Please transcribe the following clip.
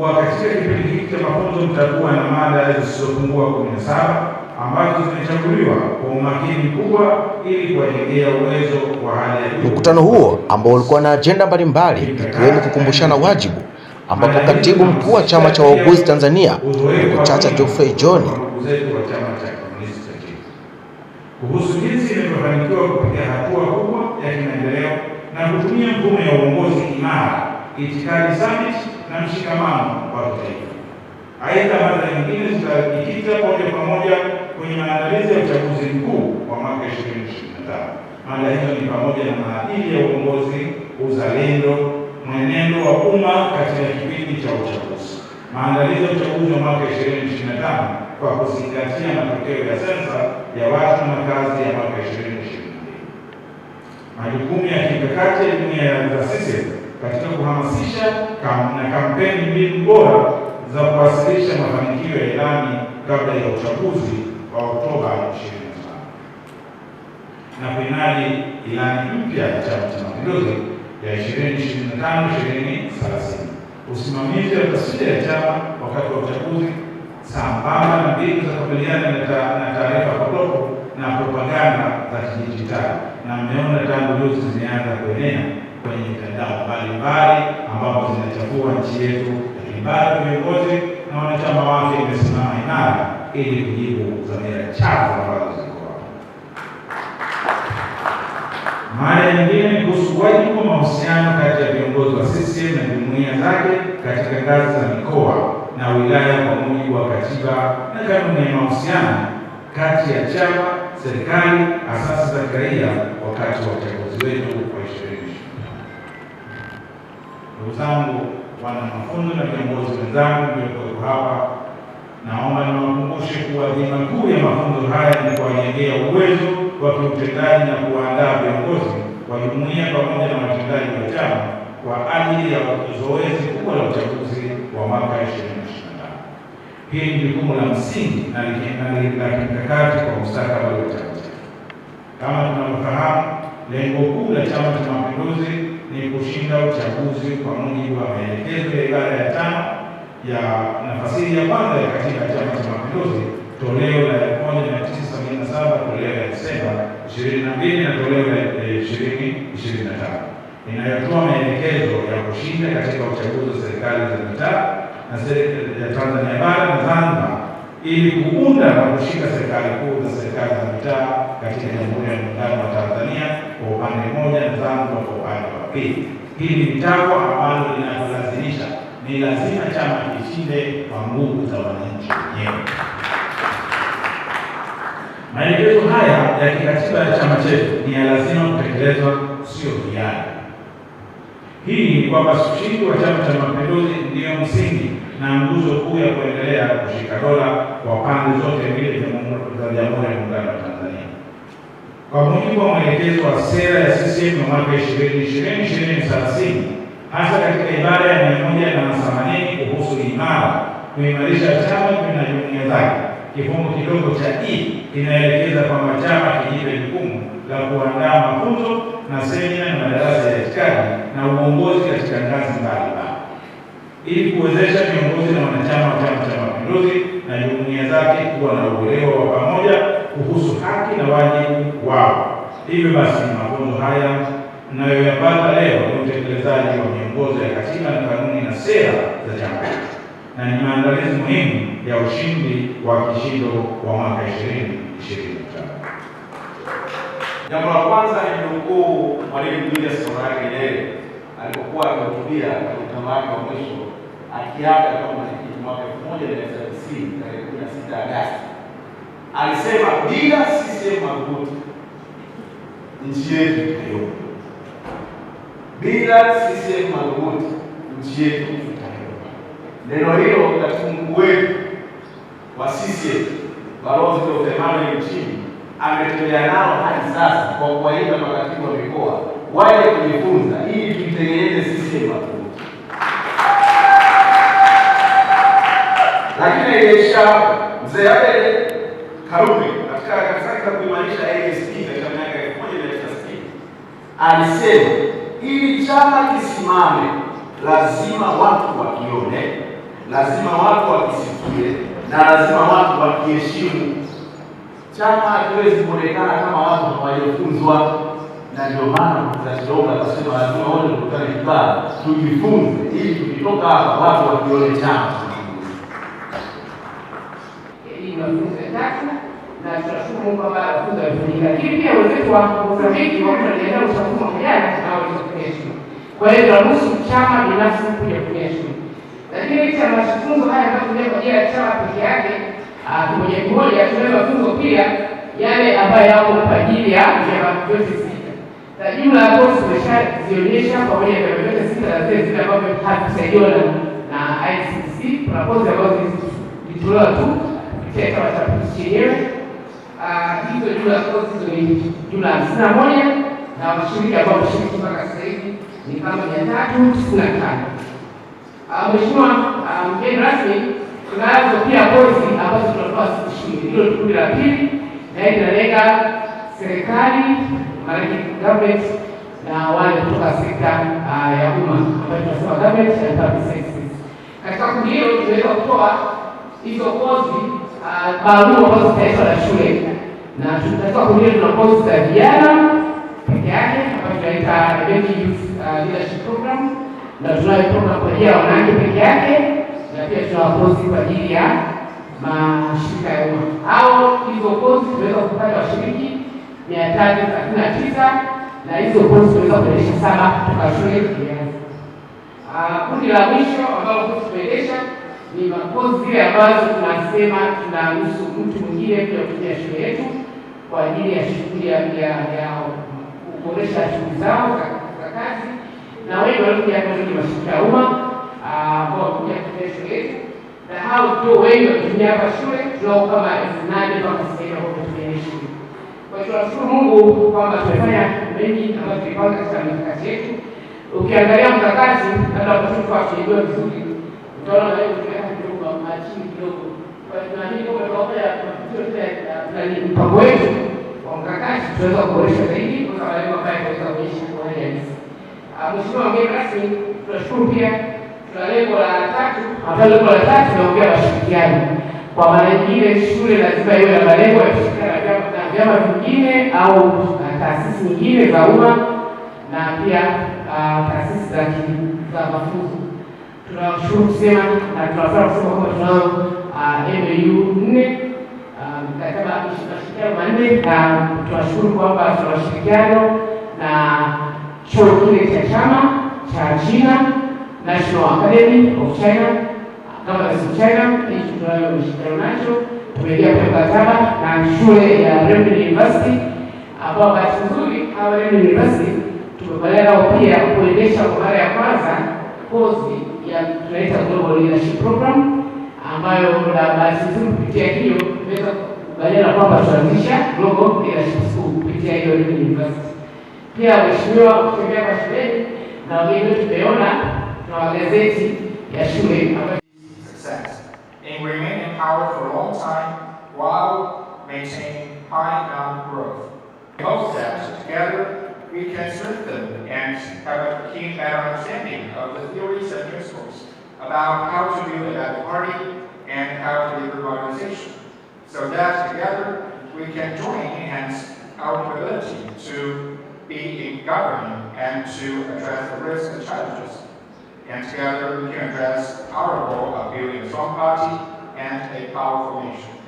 kuwa katika kipindi hiki cha mafunzo mtakuwa na mada zisizopungua kumi na saba ambazo zimechaguliwa kwa umakini mkubwa ili kuwajengea uwezo wa hali ya juu. Mkutano huo ambao ulikuwa na ajenda mbalimbali ikiwemo kukumbushana wajibu ambapo katibu mkuu wa chama cha wauguzi Tanzania ndugu Chacha Geoffrey John kuhusu jinsi inavyofanikiwa kupiga hatua kubwa ya kimaendeleo na kutumia mfumo ya uongozi imara itikadi thabiti na mshikamano wa kitaifa. Aidha, mada nyingine zitajikita moja kwa moja kwenye maandalizi ya uchaguzi mkuu wa mwaka 2025. Mada hizo ni pamoja na maadili ya uongozi, uzalendo, mwenendo wa umma katika kipindi cha uchaguzi, maandalizi ya uchaguzi wa mwaka 2025 kwa kuzingatia matokeo ya sensa ya watu na kazi ya mwaka 2022, majukumu ya kimkakati ya ya za katika kuhamasisha na kampeni mbili bora za kuwasilisha mafanikio ya ilani kabla ya uchaguzi wa Oktoba 25 na kuinadi ilani mpya ya Chama cha Mapinduzi ya 2025 2030 usimamizi wa taswira ya chama wakati wa uchaguzi sambamba na mbinu za kukabiliana na taarifa potofu na propaganda za kidijitali, na mmeona tangu juzi zimeanza kuenea kwenye mitandao mbalimbali ambapo zinachafua nchi yetu, lakini bado viongozi na wanachama wake imesimama imara ili kujibu dhamira chafu ambazo ziko hapo. Mara nyingine kuhusu wajibu wa mahusiano kati ya viongozi wa CCM na jumuiya zake katika ngazi za mikoa na wilaya kwa mujibu wa katiba na kanuni ya mahusiano kati ya chama, serikali, asasi za kiraia wakati wa uchaguzi wetu ndugu zangu wana mafunzo na viongozi wenzangu mlioko hapa, naomba niwakumbushe kuwa dhima kuu ya mafunzo haya ni kuwajengea uwezo wa kiutendaji na kuwaandaa viongozi wa jumuiya pamoja na watendaji wa chama kwa ajili ya zoezi kubwa la uchaguzi wa mwaka 2025. Hili ni jukumu la msingi na la kimkakati kwa mustakabali wa chama chetu. Kama tunavyofahamu, lengo kuu la Chama cha Mapinduzi ni kushinda uchaguzi kwa mujibu wa maelekezo ya ibara ya tano ya nafasi ya kwanza ya katiba ya Chama cha Mapinduzi, toleo la 1977, toleo la Desemba 22 na toleo la 2025 eh, inayotoa maelekezo ya kushinda katika uchaguzi wa serikali za mitaa na serikali ya Tanzania bara na Zanzibar ili kuunda na kushika serikali kuu za serikali za mitaa katika Jamhuri ya Muungano wa Tanzania kwa upande mmoja na Zanzibar kwa upande pili. Hili ni jambo ambalo linalazimisha, ni lazima chama kishinde kwa nguvu za wananchi wenyewe. Maelekezo haya ya kikatiba ya chama chetu ni ya lazima kutekelezwa, sio hiari. Hii ni kwamba ushindi wa Chama cha Mapinduzi ndiyo msingi na nguzo kuu ya kuendelea kushika dola kwa pande zote mbili za Jamhuri ya Muungano wa Tanzania. Kwa mujibu wa maelekezo wa sera ya CCM ya mwaka 2020 2030 hasa katika ibara ya mia moja na themanini kuhusu imara kuimarisha chama na jumuiya zake, kifungu kidogo cha i e inaelekeza kwamba chama kijipe jukumu la kuandaa mafunzo na semina na madarasa ya itikadi na uongozi katika ngazi mbalimbali ili kuwezesha viongozi na wanachama wa Chama cha Mapinduzi na jumuiya zake kuwa na uelewa wa pamoja kuhusu haki na wajibu wao. Hivyo basi, mafunzo haya nayoyapata leo ni utekelezaji wa miongozo ya katiba na kanuni na sera za chama na ni maandalizi muhimu ya ushindi wa kishindo wa mwaka 2025. Jambo la kwanza ni nukuu Mwalimu Julius Kambarage Nyerere alipokuwa akihutubia mkutano wake wa mwisho akiaga kama mwenyekiti mwaka 1990 tarehe 16 Agosti alisema bila CCM Magufuli nchi yetu bila CCM Magufuli nchi yetu itayoa. Neno hilo katika mkuu wetu wa CCM Balozi Dr. Emmanuel ametembea nao hadi sasa kwa kuwaita makatibu wa mikoa waje kujifunza ili tuitengeneze CCM Magufuli. Lakini ilisha mzee Karume katika harakati zake za kuimarisha ASP katika miaka ya 1960 alisema ili chama kisimame, lazima watu wakione, lazima watu wakisikie na lazima watu wakiheshimu. Chama hakiwezi kuonekana kama watu hawajafunzwa, na ndio maana tunachomba kusema lazima wote tukutane kibaa, tujifunze ili tukitoka hapa watu wakione chama na tunashukuru kwamba mafunzo yamefanyika, lakini pia wenzetu wa Mozambiki wako wanaendelea uchaguzi vijana unaoweza kunyeshwa. Kwa hiyo tunaruhusu chama binafsi kuja kunyeshwa, lakini licha mafunzo haya ambayo tunayo kwa ajili ya chama peke yake kimoja ah, kimoja, tunayo mafunzo pia yale ambayo yako kwa ajili ya vyama vyote sita, na jumla ya kozi tumeshazionyesha pamoja na vyama vyote sita na zile zile ambavyo hatusaidiwa na ICC. Kuna kozi ambazo zilitolewa tu kupitia chama cha chenyewe Ah, hizo jumla ya kozi ni jumla hamsini na moja na washiriki ambao wameshiriki mpaka sasa hivi ni kama mia tatu tisini na tano. Ah, mheshimiwa ah, mgeni rasmi, tunazo pia kozi ambazo tunatoa shule, hilo ni kundi la pili, na hii inalenga serikali maanake government na wale kutoka sekta ya umma ambayo tunasema government and public services. Katika kundi hilo tunaweza kutoa hizo kozi maalum ah, ambazo zitaitwa na shule, na tunatakiwa kujua tuna kozi za vijana peke yake ambayo tunaita Youth ah, Leadership Program, na tunayo program kwa ajili ya wanawake peke yake, na pia tuna kozi kwa ajili ya mashirika ya umma. au hizo kozi tunaweza kupata washiriki mia tatu thelathini na tisa na hizo kozi tunaweza kuendesha saba kutoka shule. Ah, kundi la mwisho ambalo kozi tunaendesha ni makozi ambazo tunasema tunaruhusu mtu mwingine kuja kutumia shule yetu kwa ajili ya shughuli ya kuboresha shughuli zao za kazi, na wengi waliokuja hapa ni mashirika ya umma ah, ambao wamekuja kutumia shule yetu, na hao ndio wengi wametumia hapa shule. Tunao kama elfu nane mpaka sasa hivi shule. Kwa hiyo tunashukuru Mungu kwamba tumefanya mengi ambayo tulipanga katika mikakati yetu. Ukiangalia mkakati labda kwa vizuri utaona mpango wetu wa mkakati tunaweza kuboresha zaidi kwa malengo ambayo kuishi kwa jamii. Mheshimiwa mgeni rasmi, tunashukuru pia, tuna lengo la tatu ambalo lengo la tatu tunaongea washirikiani. Kwa maana nyingine, shule lazima iwe na malengo ya kushirikiana na vyama vingine au taasisi nyingine za umma na pia taasisi za mafunzo. Tunashukuru kusema na tunafurahi kusema kwamba tunao Ah, MAU nne ah, mkataba mashirikiano manne, na ah, tunashukuru kwamba tuna ushirikiano na chuo kile cha chama cha China National Academy of China Governance of China, hicho tunayo ushirikiano nacho, tumeingia kwa mkataba na shule ya Renmin University, ambao bahati nzuri hawa Renmin University tumekubaliana nao pia kuendesha kwa mara ya kwanza kozi ya tunaita Global Leadership Program ambayo baasisi kupitia hiyo kwamba Global Leadership School kupitia hiyo University. Pia mheshimiwa, kutembea kwa shuleni na tumeona magazeti ya shule and for a long time while maintaining high growth. together we can strengthen and have a keen better understanding of the theories and principles about how to do it at the party and our labor modernization. So that together we can join hands our ability to be in governing and to address the risks and challenges. And together we can address our role of building a strong party and a powerful nation.